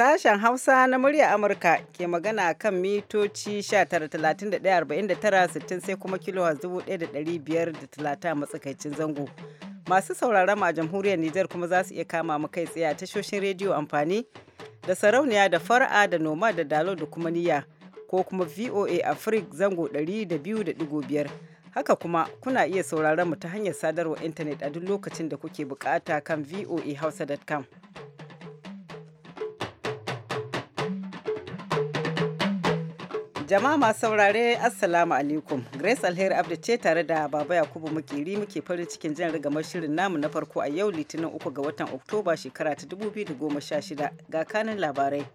Sashen Hausa na murya Amurka ke magana kan mitoci 19,31,49,60 sai kuma kilohaz 1,530 matsakaicin zango. Masu sauraron ma jamhuriyar Nijar kuma za su iya kama mu kai tsaye a tashoshin rediyo amfani da sarauniya da far'a da noma da dalo da kuma niyya ko kuma VOA Africa zango 200.5. Haka kuma kuna iya sauraron mu ta hanyar sadarwar intanet a duk lokacin da kuke bukata kan voahausa.com. Jama'a masu saurare Assalamu alaikum. Grace Alheri abda ce tare da Baba Yakubu makiri muke farin cikin jin rigamar shirin namu na farko a yau Litinin uku ga watan Oktoba shekara ta 2016 ga kanin labarai.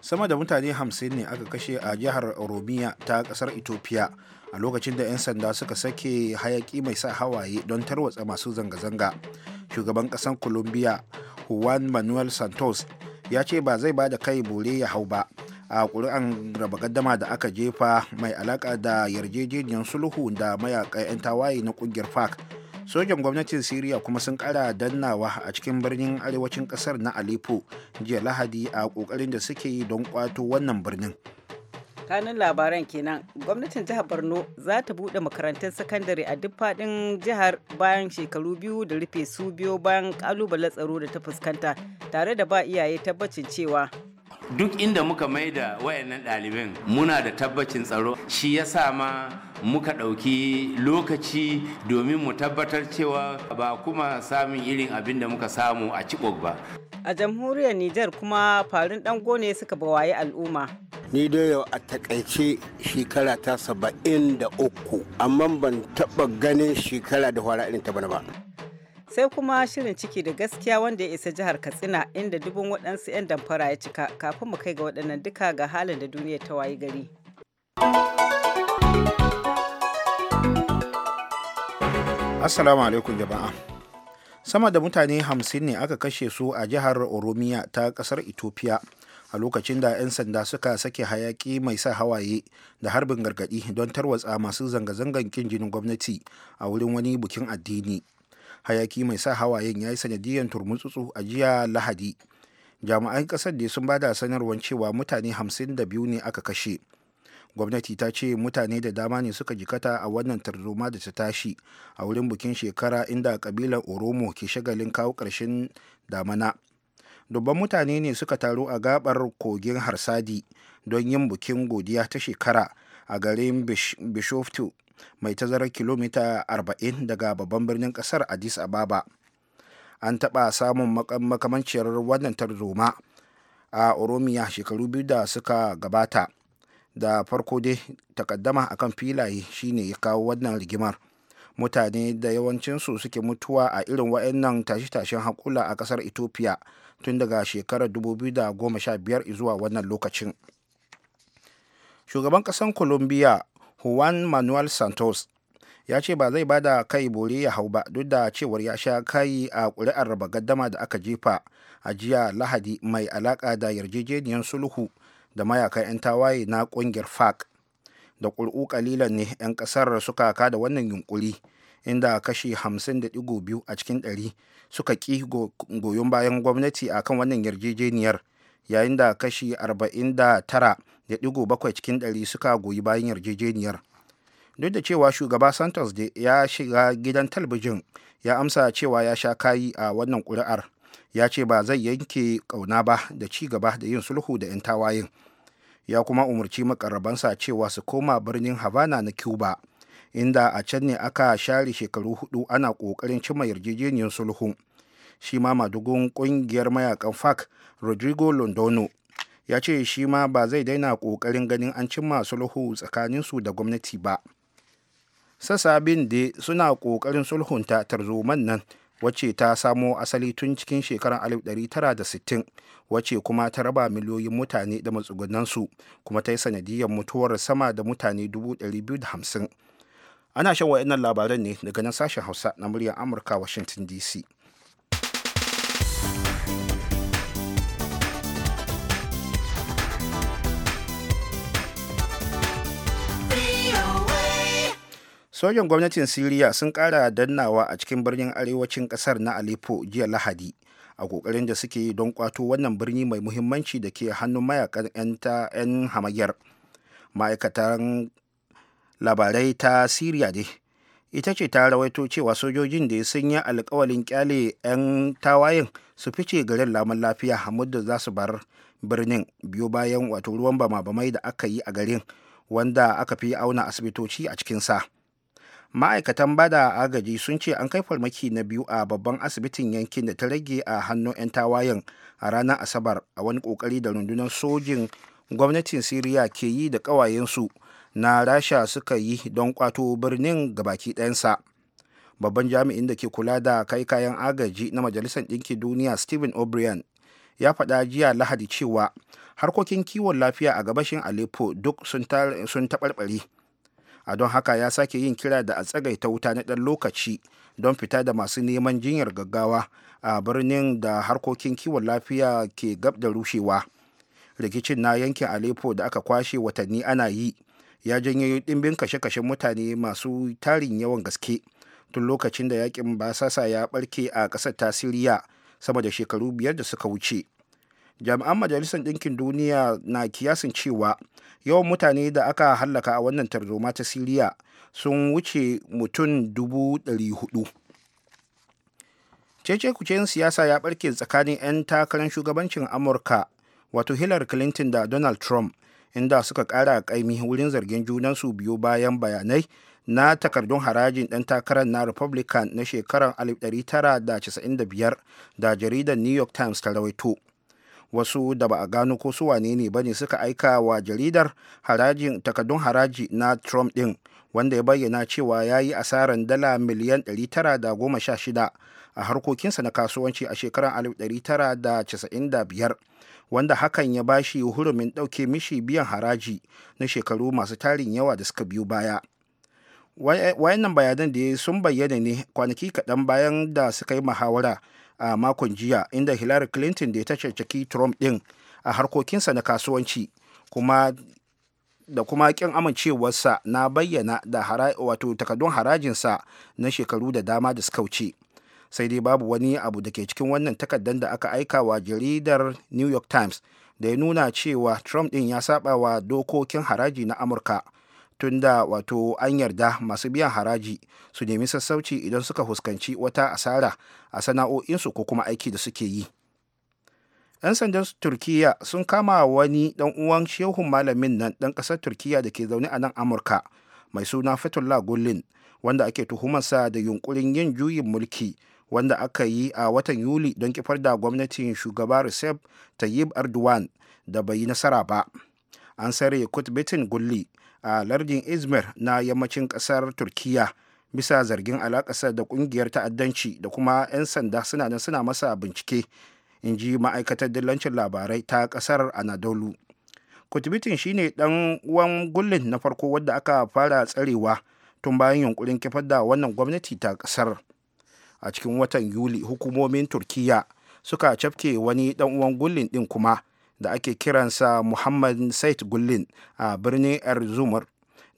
Sama da mutane 50 ne aka kashe a jihar Oromiya ta kasar Ethiopia a lokacin da 'yan sanda suka sake hayaki mai sa hawaye don tarwatsa masu zanga-zanga. Shugaban kasan Colombia Juan Manuel Santos ya ce ba zai ba da kai bore ya hau ba. a ƙuri'an raba gaddama da aka jefa mai alaƙa da yarjejeniyar sulhu da mayaka 'yan tawaye na ƙungiyar fark sojan gwamnatin siriya kuma sun ƙara dannawa a cikin birnin arewacin ƙasar na aleppo jiya lahadi a ƙoƙarin da suke yi don kwato wannan birnin kanun labaran kenan gwamnatin jihar borno za ta buɗe makarantar sakandare a duk faɗin jihar bayan shekaru biyu da rufe su biyo bayan ƙalubalen tsaro da ta fuskanta tare da ba iyaye tabbacin cewa duk inda muka maida wayannan ɗaliban muna da tabbacin tsaro shi ya sa ma muka ɗauki lokaci domin mu tabbatar cewa ba kuma samun irin abin da muka samu a cikok ba. A jamhuriyar Nijar kuma farin ɗan ne suka bawaye al'umma. Ni dai yau a takaice shekara ta saba'in da uku, amma ban taɓa ganin shekara da fara irin ta bana ba. sai kuma shirin ciki da gaskiya wanda ya isa jihar katsina inda dubin waɗansu 'yan damfara ya cika kafin mu kai ga waɗannan duka ga halin da duniya ta wayi gari assalamu alaikum jama'a sama da mutane hamsin ne aka kashe su a jihar oromiya ta kasar ethiopia a lokacin da 'yan sanda suka sake hayaki mai sa hawaye da harbin gargadi don tarwatsa masu zanga-zangan kin jinin gwamnati a wurin wani bukin addini hayaki mai sa hawayen ya yi sanadiyar turmutsutsu a jiya lahadi jami'an kasar da sun bada sanarwar cewa mutane 52 ne aka kashe gwamnati ta ce mutane da dama ne suka jikata a wannan tarzoma da ta tashi a wurin bukin shekara inda kabilar oromo ke shagalin kawo ƙarshen damana dubban mutane ne suka taru a gabar kogin harsadi don yin bukin godiya ta shekara a garin bishoftu mai tazarar kilomita 40 daga babban birnin kasar addis ababa an taɓa samun makamanciyar wannan tarzoma a oromiya shekaru biyu da suka gabata da farko dai takaddama kan filaye shine ya kawo wannan rigimar mutane da yawancinsu suke mutuwa a irin wa'annan tashe-tashen haƙula a ƙasar ethiopia tun daga shekarar 2015 zuwa wannan lokacin shugaban ƙasar colombia juan manuel santos ya ce ba zai bada kai bore ya hau ba duk da cewar ya sha kai a ƙuri'ar raba gaddama da aka jefa a jiya lahadi mai alaƙa da yarjejeniyar sulhu da mayaka 'yan tawaye na ƙungiyar fac da ƙulƙu ƙalilan ne 'yan ƙasar suka da wannan yunƙuri inda kashi 50.2 a cikin 100 suka ƙi goyon bayan gwamnati akan wannan yarjejeniyar yayin da kashi 49.7 cikin ɗari suka goyi bayan yarjejeniyar duk da cewa shugaba santos de ya shiga gidan talbijin ya amsa cewa ya sha kayi a wannan ƙuri'ar ya ce ba zai yanke ƙauna ba da ci gaba da yin sulhu da 'yan tawayen ya kuma umarci makarrabansa cewa su koma birnin havana na cuba inda a can ne aka share shekaru hudu ana ƙoƙarin cimma yarjejeniyar sulhu shi ma madugun ƙungiyar mayakan fac rodrigo londono ya ce shi ma ba zai daina ƙoƙarin ganin an cimma sulhu tsakaninsu da gwamnati ba sassa da suna ƙoƙarin sulhunta tarzoman nan wacce ta samo asali tun cikin shekarar 1960 wacce kuma ta raba miliyoyin mutane da matsugunansu kuma ta yi sanadiyar mutuwar sama da mutane 250 ana shan wa'annan labaran ne daga nan sashen hausa na muryar amurka washington dc sojan gwamnatin siriya sun kara dannawa a cikin birnin arewacin kasar na aleppo jiya lahadi a kokarin da suke don kwato wannan birni mai muhimmanci da ke hannun mayakan 'yan hamayyar ma'aikatan labarai ta siriya ne ita ce ta rawaito cewa sojojin da sun yi alkawalin kyale 'yan tawayen su fice garin laman lafiya a da za su bar birnin biyu bayan wato ruwan bama-bamai da aka yi a garin wanda aka fi auna asibitoci a cikinsa. sa ma'aikatan bada agaji sun ce an kai farmaki na biyu a babban asibitin yankin da ta rage a hannun 'yan tawayen a ranar asabar a wani kokari da rundunar sojin gwamnatin siriya ke yi da ƙawayensu na rasha suka yi don kwato birnin ga baki ɗayansa babban jami'in da ke kula da kai kayan agaji na majalisar ɗinkin duniya stephen o'brien ya faɗa jiya lahadi cewa harkokin kiwon lafiya a gabashin aleppo duk sun taɓarɓare a don haka ya sake yin kira da a tsagaita wuta na ɗan lokaci don fita da masu neman jinyar gaggawa a birnin da harkokin kiwon lafiya ke gab da rushewa rikicin na yankin aleppo da aka kwashe watanni ana yi ya janyo ɗimbin kashe-kashen mutane masu tarin yawan gaske tun lokacin da yakin basasa ya ɓarke a ƙasar ta siriya sama da shekaru biyar da suka wuce jami'an majalisar ɗinkin duniya na kiyasin cewa yawan mutane da aka hallaka a wannan tarzoma ta siriya sun wuce mutum dubu ɗari hudu cece kucen siyasa ya ɓarke tsakanin 'yan takarar shugabancin amurka wato hillary clinton da donald trump inda suka ƙara ƙaimi wurin zargin junansu biyu bayan bayanai na takardun harajin ɗan takarar na republican na shekarar 1995 da jaridar new york times ta rawaito wasu da ba a gano ko su wane ne bane suka aika wa jaridar harajin takardun haraji na trump ɗin wanda ya bayyana cewa ya yi asarar dala miliyan 916 a harkokinsa na kasuwanci a shekarar 1995 wanda hakan ya bashi hurumin ɗauke mishi biyan haraji na shekaru masu tarin yawa da suka biyu baya wayannan bayanan da sun bayyana ne kwanaki kaɗan bayan da suka yi muhawara a makon jiya inda hillary clinton da ta cancaki trump din a harkokinsa na kasuwanci kuma da kuma kin amincewarsa na bayyana da wato takardun harajinsa na shekaru da dama da suka wuce sai dai babu wani abu da ke cikin wannan takardar da aka aika wa jaridar new york times da ya nuna cewa trump din ya saba wa dokokin haraji na amurka tunda wato an yarda masu biyan haraji su nemi sassauci idan suka fuskanci wata asara a sana'o'insu ko kuma aiki da suke yi 'yan sandan turkiyya sun kama wani ɗan uwan shehun malamin nan ɗan ƙasar turkiyya da ke zaune a nan amurka mai suna fetullah gullin wanda ake tuhumarsa da yunkurin yin juyin mulki wanda aka yi a watan yuli don kifar da gwamnatin shugaba recep tayyip erdogan da bai yi nasara ba an sare kutbetin gulli a lardin izmir na yammacin kasar turkiya bisa zargin alakasar da kungiyar ta'addanci da kuma 'yan sanda suna nan suna masa bincike in ji ma'aikatar dillancin labarai ta kasar anadolu kutubitin shine dan uwan gullin na farko wadda aka fara tsarewa tun bayan yunkurin kifar da wannan gwamnati ta kasar a cikin watan yuli hukumomin turkiya suka cafke wani dan uwan gullin din kuma da ake kiransa muhammad said gullin a birnin arzumar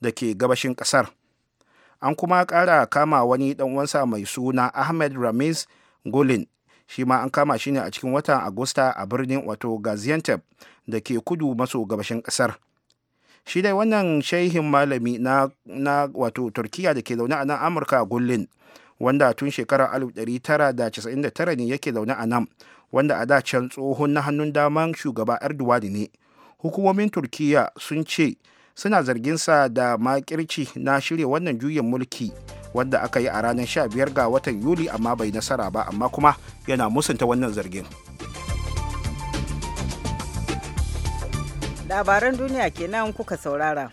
da ke gabashin kasar an kuma kara kama wani uwansa mai suna ahmed ramiz gullin shi ma an kama shi ne a cikin watan agusta a birnin wato gaziantep da ke kudu maso gabashin kasar shi dai wannan shaihin malami na, na wato turkiya da ke zaune a nan amurka gullin wanda tun shekarar 1999 ne yake zaune a nan wanda a da can tsohon na hannun daman shugaba erdogan ne hukumomin turkiyya sun ce suna zarginsa da makirci na shirya wannan juyin mulki wanda aka yi a ranar 15 ga watan yuli amma bai nasara ba amma kuma yana musanta wannan zargin labaran duniya kenan kuka saurara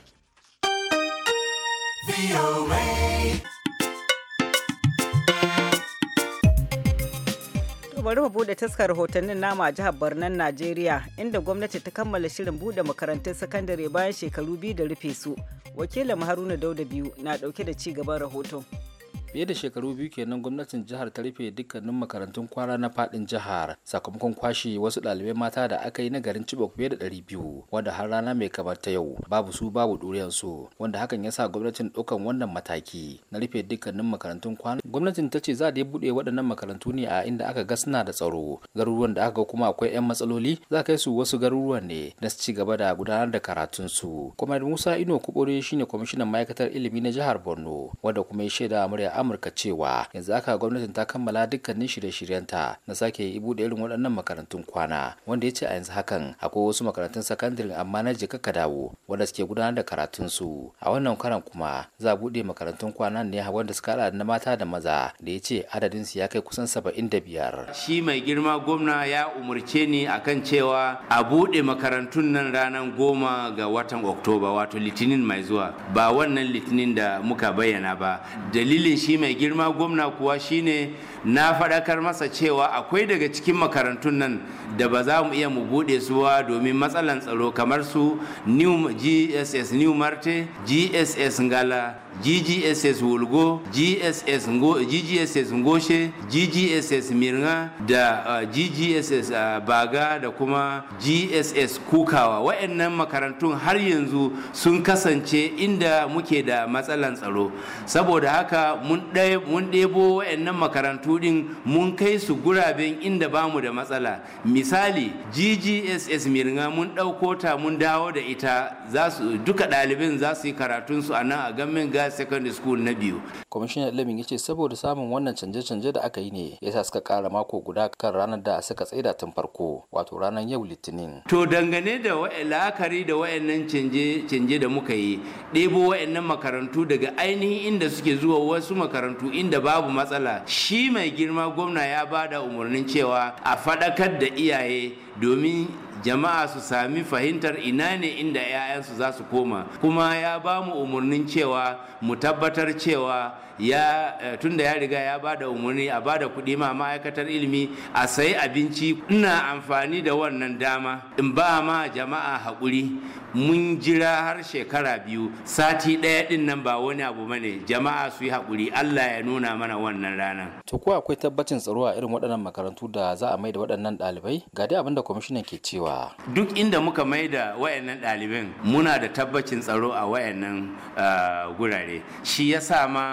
bari mu bude taskar rahotannin nama a jihar Barnan Najeriya inda gwamnati ta kammala shirin bude makarantun sakandare bayan shekaru biyu da rufe su. Wakilin Haruna Dauda biyu na dauke da ci gaban rahoton. fiye da shekaru biyu kenan gwamnatin jihar ta rufe dukkanin makarantun kwara na fadin jihar sakamakon kwashe wasu ɗalibai mata da aka yi na garin Chibok fiye da ɗari biyu wanda har rana mai kamar ta yau babu su babu ɗuriyar su wanda hakan ya sa gwamnatin ɗaukan wannan mataki na rufe dukkanin makarantun kwana. Gwamnatin ta ce za ta buɗe waɗannan makarantu ne a inda aka ga suna da tsaro garuruwan da aka ga kuma akwai 'yan matsaloli za kai su wasu garuruwan ne da su ci gaba da gudanar da karatunsu. kuma Musa Ino Kubore shine kwamishinan ma'aikatar ilimi na jihar Borno wanda kuma ya shaida murya amurka cewa yanzu aka gwamnatin ta kammala dukkanin shirye-shiryenta na sake buɗe irin waɗannan makarantun kwana wanda ya ce a yanzu hakan akwai wasu makarantun sakandare amma na jika ka dawo wanda suke gudanar da karatun su a wannan karan kuma za a buɗe makarantun kwana ne wanda suka haɗa na mata da maza da ya ce adadin su ya kai kusan saba'in da biyar. shi mai girma gwamna ya umarce ni akan cewa a bude makarantun nan ranar goma ga watan oktoba wato litinin mai zuwa ba wannan litinin da muka bayyana ba dalilin shi shi mai girma gwamna kuwa shine na faɗakar masa cewa akwai daga cikin makarantun nan da ba za mu iya mu buɗe suwa domin matsalan tsaro kamar su new gss new marte gss ngala ggss wulgo ggss ngoshe ggss mirna da uh, ggss uh, baga da kuma gss kukawa wa'annan makarantun har yanzu sun kasance inda muke da matsalan tsaro saboda haka mun ɗebo wa'annan makarantu kudin mun kai su guraben inda bamu da matsala misali ggss mirga mun dauko ta mun dawo da ita duka ɗaliban za su yi karatun su a nan a gamin ga secondary school na biyu kwamishinan ilimin ya ce saboda samun wannan canje-canje da aka yi ne yasa suka kara mako guda kan ranar da suka tsaida tun farko wato ranar yau litinin to dangane da la'akari da wayannan canje-canje da muka yi ɗebo wa'annan makarantu daga ainihin inda suke zuwa wasu makarantu inda babu matsala shi mai mai girma gwamna ya ba da umarnin cewa a faɗakar da iyaye domin jama'a su sami fahimtar ina ne inda 'ya'yansu za su koma kuma ya ba mu umarnin cewa mu tabbatar cewa ya eh, tunda ya riga ya ba da umarni a ba da kuɗi ma ma'aikatar ilimi a sayi abinci ina amfani da wannan dama in ba ma jama'a haƙuri mun jira har shekara biyu sati ɗaya ɗin nan ba wani abu bane jama'a su yi haƙuri Allah ya nuna mana wannan rana. To ko akwai tabbacin tsaro a irin waɗannan makarantu da za a maida waɗannan ɗalibai ga dai abin da kwamishinan ke cewa. Duk inda muka maida wayannan ɗaliban muna da tabbacin tsaro a wayannan eh, gurare shi yasa ma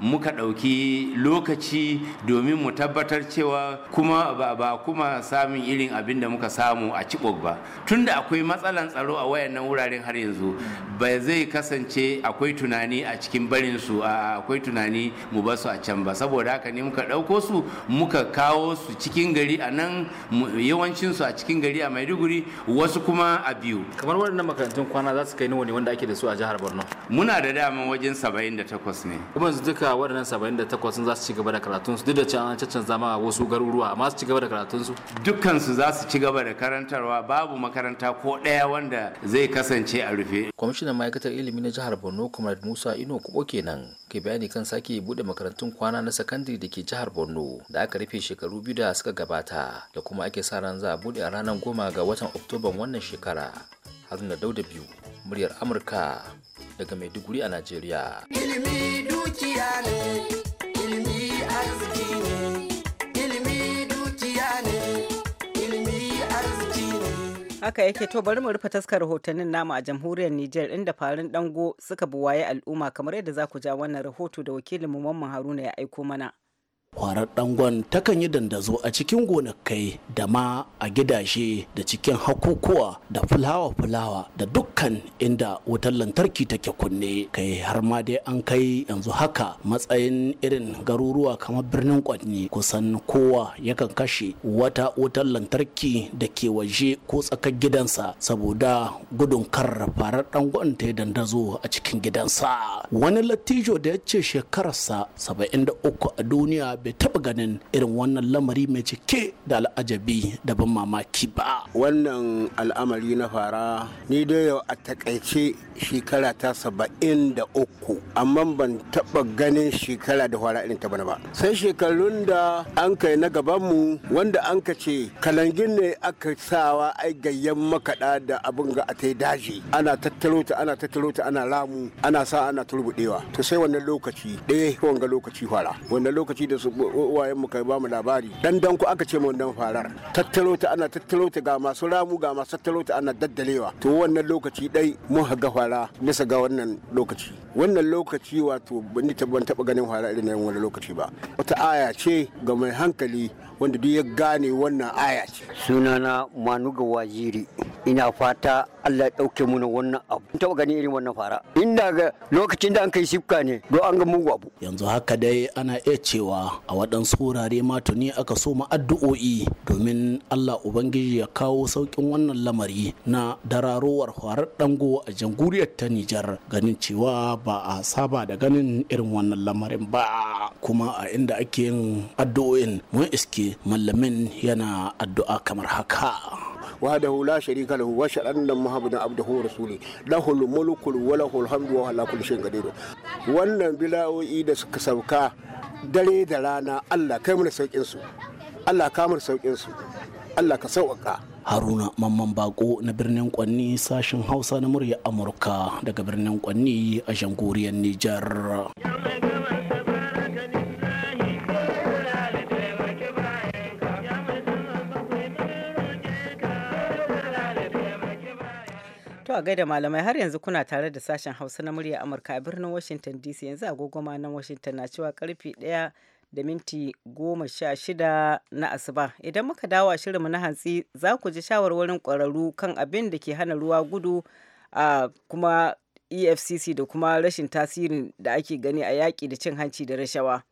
muka ɗauki lokaci domin mu tabbatar cewa kuma ba, ba kuma samun irin abin da muka samu a cibok ba tunda akwai matsalan tsaro a wayannan wuraren har yanzu ba zai kasance akwai tunani a cikin barin su akwai tunani mu ba su a can ba saboda haka ne muka ɗauko su muka kawo su cikin gari a nan yawancin su a cikin gari a maiduguri wasu kuma a biyu kamar wannan makarantun kwana za su kai nawa ne wanda ake da su a jihar borno muna da dama wajen 78 ne kuma duka duka waɗannan da takwas sun za su ci gaba da karatunsu duk da cewa an cancan zama wasu garuruwa amma su ci gaba da karatunsu dukkansu za su ci gaba da karantarwa babu makaranta ko ɗaya wanda zai kasance a rufe kwamishinan ma'aikatar ilimi na jihar borno comrade musa ino kubo kenan ke bayani kan sake buɗe makarantun kwana na sakandare da ke jihar borno da aka rufe shekaru biyu da suka gabata da kuma ake sa ran za a buɗe a ranar goma ga watan oktoban wannan shekara haruna dauda biyu muryar amurka daga maiduguri a najeriya ilimi dukiya ne ilimi haka yake to bari mu rufe taskar rahotannin namu a jamhuriyar Nijar inda farin dango suka buwaye al'umma kamar yadda za ku ja wannan rahoto da wakilin mu Mamman Haruna ya aiko mana kwarar dangon takan yi dandazo a cikin gonakai da ma a gidaje, da cikin hakukuwa da fulawa-fulawa da dukkan inda wutar lantarki take kunne kai har ma dai an kai yanzu haka matsayin irin garuruwa kamar birnin kwanni kusan kowa yakan kashe wata wutar lantarki da ke waje ko tsakar gidansa saboda gudun kar farar dangon ta yi dandazo a cikin gidansa wani lattijo da ya ce shekararsa 73 a duniya bai taba ganin irin wannan lamari mai cike da al'ajabi da ban mamaki ba wannan al'amari na fara ni dai yau a takaice shekara ta saba'in da uku amma ban taba ganin shekara da fara irin ta bana ba sai shekarun da an kai na mu wanda an ka ce kalangin ne aka sawa ai gayyan makada da abin ga a ta daji ana tattaro ta ana tattaro ta ana ramu ana sa ana turbuɗewa to sai wannan lokaci ɗaya wanga lokaci fara wannan lokaci da su uwayen mu kai ba mu labari dan dan ku aka ce mu dan farar tattaro ta ana tattaro ta ga masu ramu ga masu tattaro ta ana daddalewa to wannan lokaci dai mun haga fara bisa ga wannan lokaci wannan lokaci wato ban ban taba ganin fara irin nan wani lokaci ba wata aya ce ga mai hankali wanda duk ya gane wannan aya ce sunana manuga waziri ina fata Allah ya ɗauke wannan abu gani irin wannan fara inda ga lokacin da an kai sifka ne do an ga mugu abu yanzu haka dai ana iya cewa a waɗansu wurare ma tuni aka so mu addu'o'i domin Allah ubangiji ya kawo saukin wannan lamari na dararowar farar dango a jamhuriyar ta Nijar ganin cewa ba a saba da ganin irin wannan lamarin ba kuma a inda ake yin addu'o'in mun iske mallamin yana addu'a kamar haka وحده لا شريك له واشهد ان محمدا عبده ورسوله mulku الملك وله الحمد وهو على كل شيء قدير wannan bila'o'i da suka sauka dare da rana Allah kai mana saukin su Allah ka mana saukin su Allah ka sauƙaƙa haruna mamman bako na birnin kwanni sashen hausa na murya amurka daga birnin kwanni a jamhuriyar nijar a gaida malamai har yanzu kuna tare da sashen Hausa na murya Amurka a birnin Washington DC yanzu agogoma nan Washington na cewa karfe ɗaya da minti goma sha shida na asuba. Idan muka dawo a shirinmu na hantsi za ku ji shawarwarin kwararru kan abin da ke hana ruwa gudu a kuma EFCC da kuma rashin tasirin da ake gani a yaƙi da cin hanci da rashawa.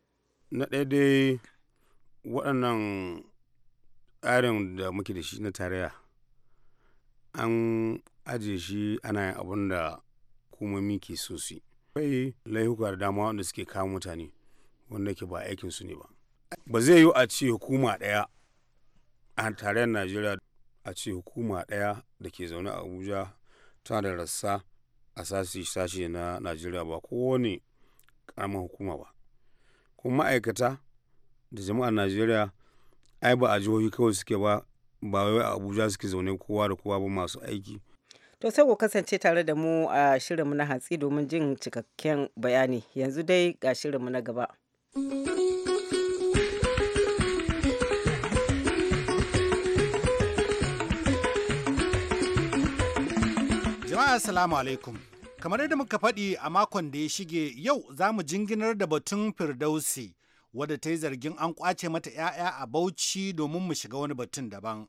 Na ɗaya dai waɗannan tsarin da muke da shi na tarayya an ajiye shi ana yin abun da hukumomi ke so su akwai laihuka da dama wanda suke kawo mutane wanda ke ba aikin su ne ba ba zai yiwu a ce hukuma ɗaya a tarayyar najeriya a ce hukuma ɗaya da ke zaune a abuja tana da rassa a sashi sashi na najeriya ba kowane karamin hukuma ba kuma ma'aikata da jama'ar najeriya ai ba a jihohi kawai suke ba ba wai abuja suke zaune kowa da kowa ba masu aiki to sai ku kasance tare da mu a shirinmu na hatsi domin jin cikakken bayani yanzu dai ga shirinmu na gaba jama'a assalamu alaikum kamar yadda muka faɗi a makon da ya shige yau za mu jinginar da batun firdausi wadda ta yi zargin an kwace mata 'ya'ya a bauchi domin mu shiga wani batun daban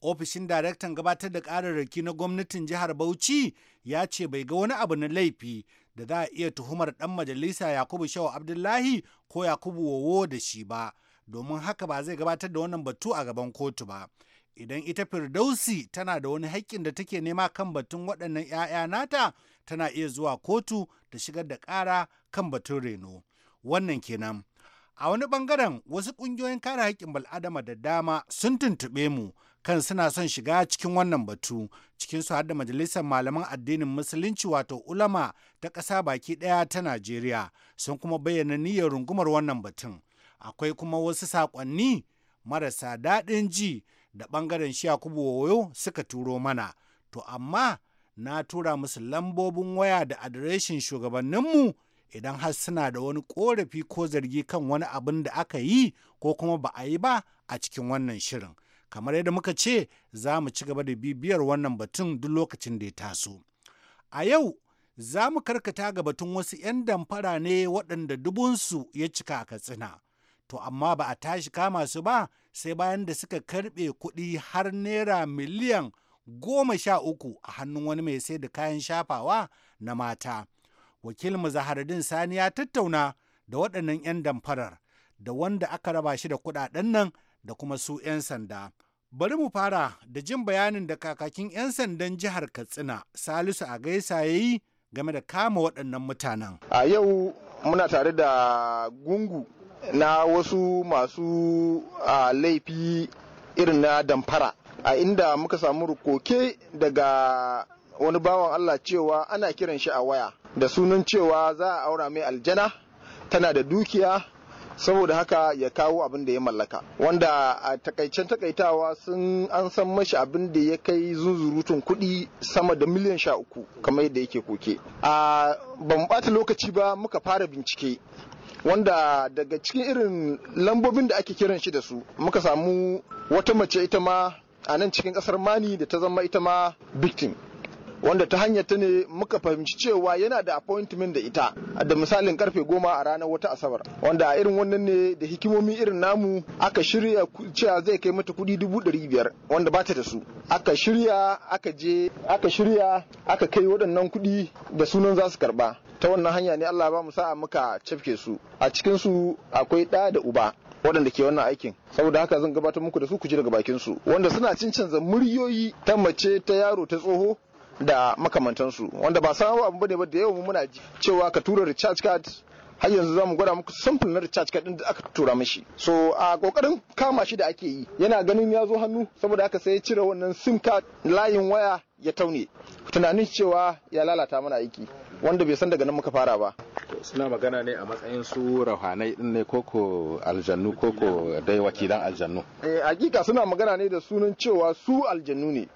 ofishin daraktan gabatar da ƙararraki na gwamnatin jihar bauchi ya ce bai ga wani abu na laifi da za a iya tuhumar Dan majalisa yakubu shehu abdullahi ko yakubu wowo da shi ba domin haka ba zai gabatar da wannan batu a gaban kotu ba idan ita firdausi tana da wani haƙƙin da take nema kan batun waɗannan 'ya'ya nata tana iya zuwa kotu da shigar da ƙara kan batun reno wannan kenan a wani bangaren wasu ƙungiyoyin kare haƙƙin bal'adama da dama sun tuntuɓe mu kan suna son shiga cikin wannan batu cikin su da majalisar malaman addinin musulunci wato ulama ta ƙasa baki ɗaya ta najeriya sun kuma bayyana niyyar rungumar wannan batun akwai kuma wasu saƙonni marasa daɗin ji da ɓangaren shi yakubu wayo suka turo mana to amma na tura musu lambobin waya da adireshin shugabanninmu idan har suna da wani korafi ko zargi kan wani abin da aka yi ko kuma ba a yi ba a cikin wannan shirin kamar yadda muka ce za mu ci gaba da bibiyar wannan batun duk lokacin da ya taso a yau za mu karkata ga batun wasu 'yan damfara ne waɗanda dubunsu ya cika a katsina to amma ba a tashi kama su ba sai bayan da suka karɓe kuɗi har naira miliyan goma sha uku a hannun wani mai sai da kayan shafawa na mata Wakil Muzaharadin sani ya tattauna da waɗannan 'yan damfarar da wanda aka raba shi da kuɗaɗen nan da kuma su 'yan sanda. Bari mu fara da jin bayanin da kakakin 'yan sandan jihar Katsina Salisu a gaisa ya yi game da kama waɗannan mutanen. A yau muna tare da gungu na wasu masu laifi irin na damfara a inda muka samu rukoke daga wani bawan Allah cewa ana kiran shi a waya da sunan cewa za a aura mai aljana tana da dukiya saboda haka ya kawo abin da ya mallaka wanda a takaicen takaitawa sun an san mashi abin da ya kai zunzurutun kuɗi sama da miliyan sha uku kamar yadda yake koke a ban ɓata lokaci ba muka fara bincike wanda daga cikin irin lambobin da ake kiran shi da su muka samu wata mace ita ma a nan cikin ƙasar mani da ta zama ita ma victim wanda ta hanyar ta ne muka fahimci cewa yana da appointment da ita da misalin karfe goma a ranar wata asabar wanda a irin wannan ne da hikimomi irin namu aka shirya cewa zai kai mata kudi dubu ɗari biyar wanda ba ta da su aka shirya aka je aka shirya aka kai waɗannan kudi da sunan za su karba ta wannan hanya ne Allah ba mu sa'a muka cafke su a cikin su akwai ɗa da uba waɗanda ke wannan aikin saboda haka zan gabatar muku da su ku ji daga bakin su wanda suna cin canza muryoyi ta mace ta yaro ta tsoho da makamantansu wanda ba sanarwa abu bane ba da yawan muna ji cewa ka tura recharge card har yanzu za mu gwada muku samfin na recharge card din da aka tura mishi so a kokarin kama shi da ake yi yana ganin ya zo hannu saboda aka sai ya cire wannan sim card layin waya ya taune tunanin cewa ya lalata mana aiki wanda bai san daga nan muka fara ba suna magana ne a matsayin su rahanai din ne koko aljannu koko dai wakilan aljannu eh hakika suna magana ne da sunan cewa su aljannu ne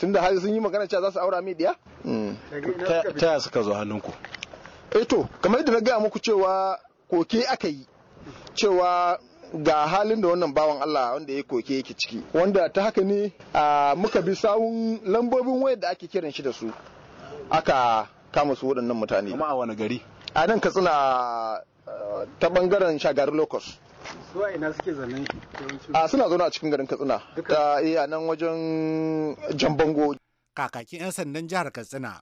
tunda har sun yi magana cewa za su aura mai diya hmm. ta ya suka zo hannunku eh to kamar yadda na gaya muku cewa koke aka yi cewa ga halin da wannan bawan Allah wanda ya koke yake ciki wanda ta haka ne a muka bi sawun lambobin wayar da ake kiran shi da su aka kama su waɗannan mutane kuma a wani gari a nan katsina ta ɓangaren shagarin locust suwa ina a suna zaune a cikin garin katsina ta iya eh, nan wajen jan kakakin 'yan sandan jihar katsina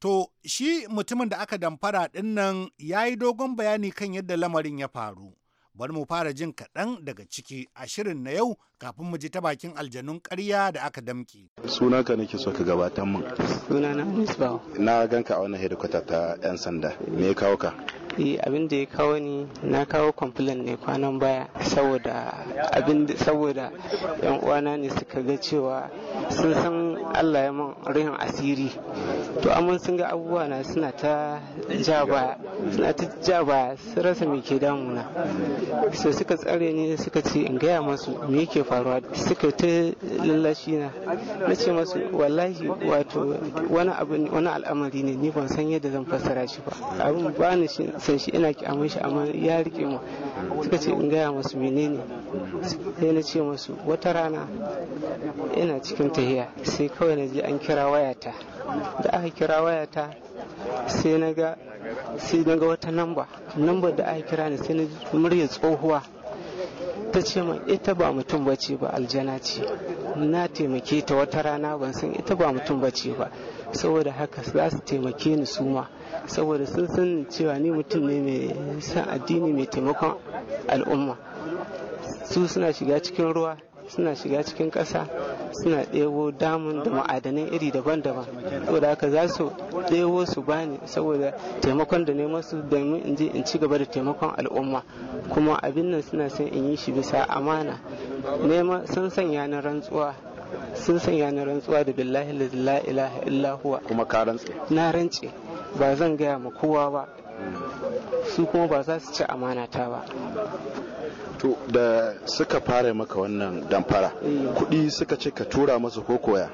to shi mutumin da aka damfara din nan ya yi dogon bayani kan yadda lamarin ya faru bari mu fara jin kaɗan daga ciki a shirin na yau kafin mu ji ta bakin aljanun karya da aka damƙe. suna ka nake so ka gabatar mu suna na na ganka a wannan hedikwata ta yan sanda me ya kawo ka Eh abin da ya kawo ni na kawo complain ne kwanan baya saboda saboda yan uwana ne suka ga cewa sun san Allah ya man rihin asiri to amma sun ga abubuwa na suna ta ja baya suna ta ja baya su rasa me ke damuna so suka tsare ni suka ce in gaya masu me yake faruwa suka ta lallashi na na ce masu wallahi wato wani abu wani al'amari ne ni ban san yadda zan fassara shi ba abin ba ni san shi ina kyamun shi amma ya rike mu suka ce in gaya masu menene sai na ce masu wata rana ina cikin tahiya sai kawai kawai na je an kira wayata da aka kira wayata sai na ga sai na ga wata namba namba da aka kira ni sai na murya tsohuwa ta ce min ita ba mutum bace ba aljana ce na taimake ta wata rana ban san ita ba mutum bace ba saboda haka za su taimake ni su ma saboda sun san cewa ni mutum ne mai san addini mai taimakon al'umma su suna shiga cikin ruwa suna shiga cikin ƙasa suna ɗebo damun da ma'adanan iri daban-daban saboda haka za su ɗebo su bani saboda taimakon da neman su domin in je in ci gaba da taimakon al'umma kuma abin nan suna son in yi shi bisa amana neman sun sanya na rantsuwa sun sanya na rantsuwa da billahi la ilaha illa huwa kuma ka rantse na rantse ba zan gaya ma kowa ba su kuma ba za su ci amana ta ba to da suka fara maka wannan damfara kuɗi suka ce ka tura masu ko koya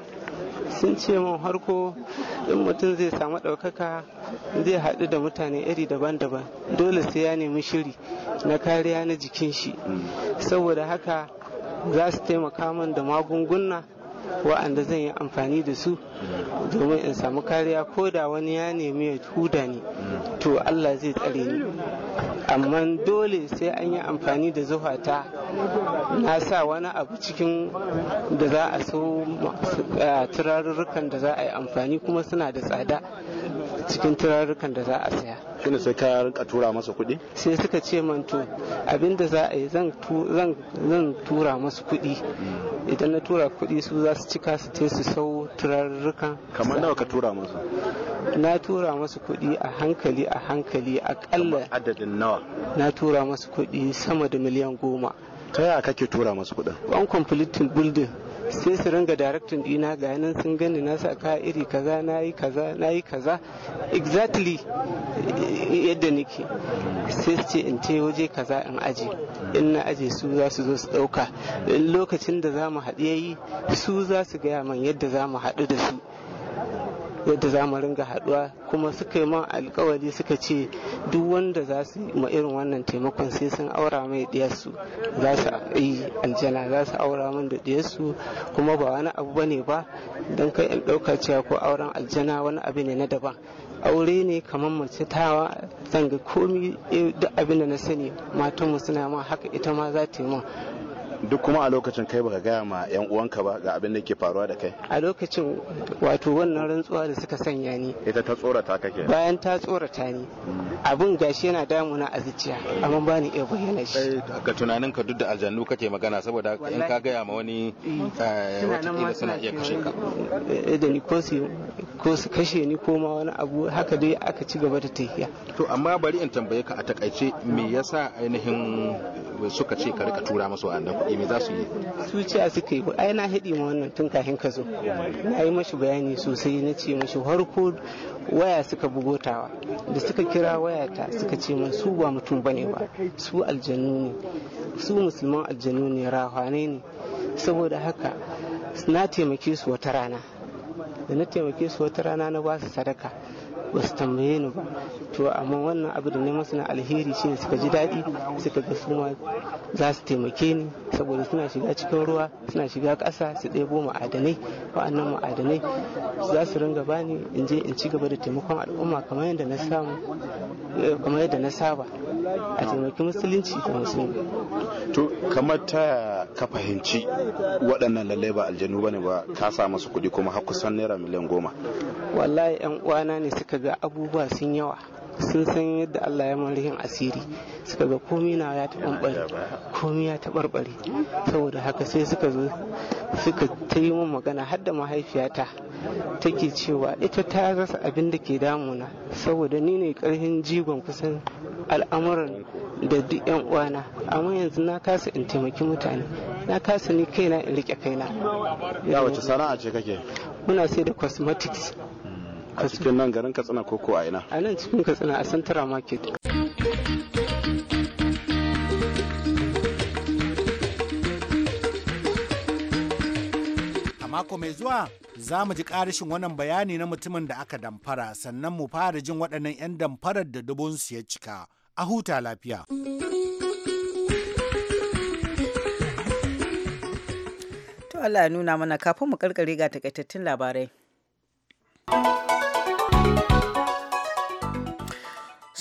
sun ce min harko in mutum zai samu ɗaukaka zai haɗu da mutane iri daban-daban dole sai ya nemi shiri na kariya na jikin shi mm. saboda haka za su taimaka min da magunguna wa'anda zan yi amfani da su domin in samu kariya ko da wani ya nemi ya huda ni to Allah zai tsare ni amma dole sai an yi amfani da zuhata na sa wani abu cikin da za a so eh, turarurrukan da za a yi amfani kuma suna da tsada cikin turarukan da za a saya shine sai ka rinka tura masa kuɗi sai suka ce man to abinda za a yi zan tura masu kuɗi idan na tura kuɗi su za su cika su te su sau turarrukan kamar nawa ka tura masu na tura masu kuɗi a hankali a hankali akalla adadin nawa na tura masu kuɗi sama da miliyan goma ta yaya kake tura masu kuɗin an completing building sai su ringa daraktun dina ga nan sun gani na sa ka iri kaza na yi kaza na yi kaza exactly yadda nake sai su ce in ce waje kaza in aje in na aje su za su zo su ɗauka lokacin da za mu haɗu yayi su za su gaya man yadda za mu haɗu da su yadda za mu ringa haduwa kuma suka yi man alkawari suka ce duk wanda za su ma irin wannan taimakon sai sun aura mai ɗiyarsu za su yi aljana za su aura min da diyarsu kuma ba wani abu bane ba don kai in ɗauka cewa ko auren aljana wani abu ne na daban aure ne kamar mace tawa zanga komi eh, duk abin da na sani matanmu suna ma haka ita ma za ta yi ma duk kuma a lokacin kai baka gaya ma yan uwanka ba ga abin da ke faruwa da kai a lokacin wato wannan rantsuwa da suka sanya ni ita ta tsorata kake bayan ta tsorata ni hmm. abin gashi yana damuna a zuciya amma ba ni iya bayyana shi ka tunanin ka duk da aljannu kake magana saboda in ka gaya ma wani hmm. eh, wata suna iya kashe ka eh, da ni ko su ko su kashe ni ko ma wani abu haka dai aka ci gaba da tafiya to amma bari in tambaye ka a takaice me yasa ainihin suka ce ka rika tura musu wa'annan kuɗi haɗe me za su yi su ce a suka yi ai na haɗe ma wannan tun kafin ka zo na yi mashi bayani sosai na ce mashi harko waya suka bugo tawa da suka kira wayata suka ce min su ba mutum bane ba su aljanu ne su musulman aljanu ne rahane ne saboda haka na taimake su wata rana da na taimake su wata rana na ba su sadaka ba su tambaye ni ba to amma wannan abu da neman suna alheri shi ne suka ji daɗi suka ga su za su taimake ni saboda suna shiga cikin ruwa suna shiga ƙasa su ɗebo ma'adanai wa'annan ma'adanai za su ringa bani in je in ci gaba da taimakon al'umma kamar yadda na samu saba a taimaki musulunci da musulmi to kamar ta ka fahimci waɗannan lallai ba aljanu bane ba ka sa masu kuɗi kuma har naira miliyan goma wallahi yan uwana ne suka ga abubuwa sun yawa sun san yadda Allah ya malihin asiri suka ga komi na ya taɓarɓare komi ya taɓarɓare saboda haka sai suka zo suka ta yi min magana har da mahaifiyata take cewa ita ta rasa abin da ke damuna saboda ni ne ƙarfin jigon kusan al'amuran da duk yan uwana amma yanzu na kasa in taimaki mutane na kasa ni kaina in rike kaina ya wace sana'a ce kake muna sai da cosmetics a cikin nan garin katsina koko a ina a nan cikin katsina a santara market mako mai zuwa za mu ji ƙarashin wannan bayani na mutumin da aka damfara sannan mu fara jin waɗannan 'yan damfarar da dubunsu ya cika a huta lafiya. To Allah ya nuna mana kafin mu karkare ga takaitattun labarai.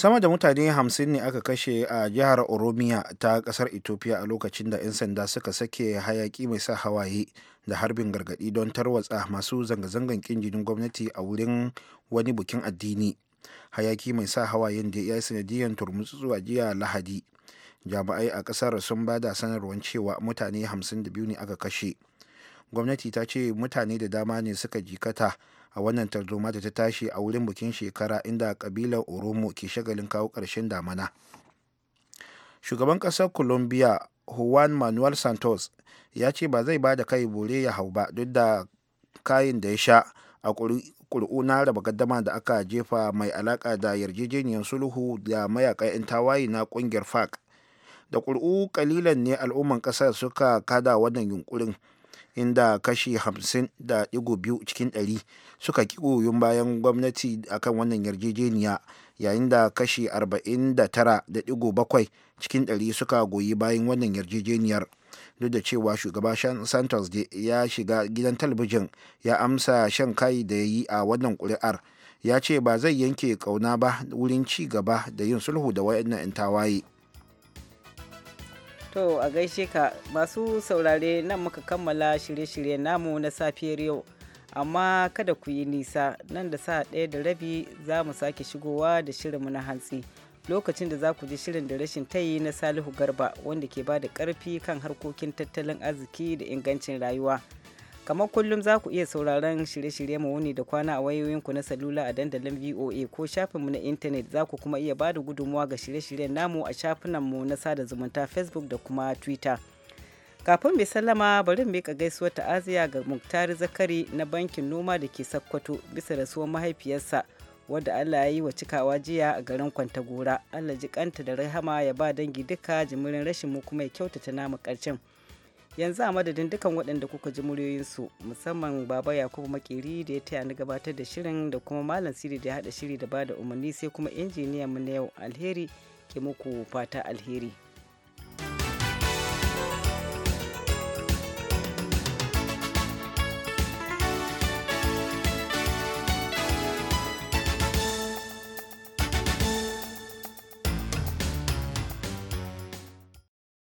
sama da mutane hamsin ne aka kashe a jihar oromiya ta kasar ethiopia a lokacin da 'yan sanda suka sake hayaki mai sa hawaye da harbin gargadi don tarwatsa masu zanga-zangan kin jinin gwamnati a wurin wani bukin addini hayaki mai sa hawayen da ya yi sanadiyar turmutsu a jiya lahadi jami'ai a kasar sun ba da sanarwar cewa mutane 52 ne aka kashe gwamnati ta ce mutane da dama ne suka jikata a wannan tarzoma da ta tashi a wurin bikin shekara inda kabilar oromo ke shagalin kawo ƙarshen damana shugaban ƙasar colombia juan manuel santos ya ce ba zai ba da kai bore ya hau ba duk da kayan da ya sha a ƙuri'u na raba gaddama da aka jefa mai alaƙa da yarjejeniyar sulhu da mayaƙa 'yan tawaye na ƙungiyar fac da ƙuri'u kalilan ne al'umman ƙasar suka kada wannan yunkurin inda kashi hamsin 50.2 cikin 100 suka ki goyon bayan gwamnati akan wannan yarjejeniya yayin da kashi bakwai cikin 100 suka goyi bayan wannan yarjejeniyar duk da cewa shugaba santos ya shiga gidan talabijin ya amsa shan kai da ya yi a wannan kuri'ar ya ce ba zai yanke ƙauna ba wurin ci gaba da yin sulhu da wayannan 'yan tawaye To a gaishe ka masu saurare nan muka kammala shirye-shiryen namu na safiyar yau. Amma kada ku yi nisa nan da sa ɗaya da rabi za mu sake shigowa da shirinmu na hantsi. Lokacin da za ku ji shirin da rashin tayi na Salihu Garba wanda ke ba da ƙarfi kan harkokin tattalin arziki da ingancin rayuwa. kamar kullum za ku iya sauraron shirye-shirye mu wuni da kwana a wayoyinku na salula a dandalin voa ko shafinmu na intanet za ku kuma iya bada gudummawa ga shirye-shiryen namu a shafinanmu na sada zumunta facebook da kuma twitter kafin mai sallama bari mika gaisuwar ta'aziya ga muktari zakari na bankin noma da ke sakkwato bisa rasuwar mahaifiyarsa wadda allah ya yi wa cikawa jiya a garin kwantagora allah ji kanta da rahama ya ba dangi duka jimirin rashin mu kuma ya kyautata namu karcin yanzu a madadin dukan waɗanda kuka ji muryoyinsu musamman baba yakubu makeri da ya taya ni gabatar da shirin da kuma malam siri da ya haɗa shiri da bada umarni sai kuma injiniyan mu na yau alheri ke muku fata alheri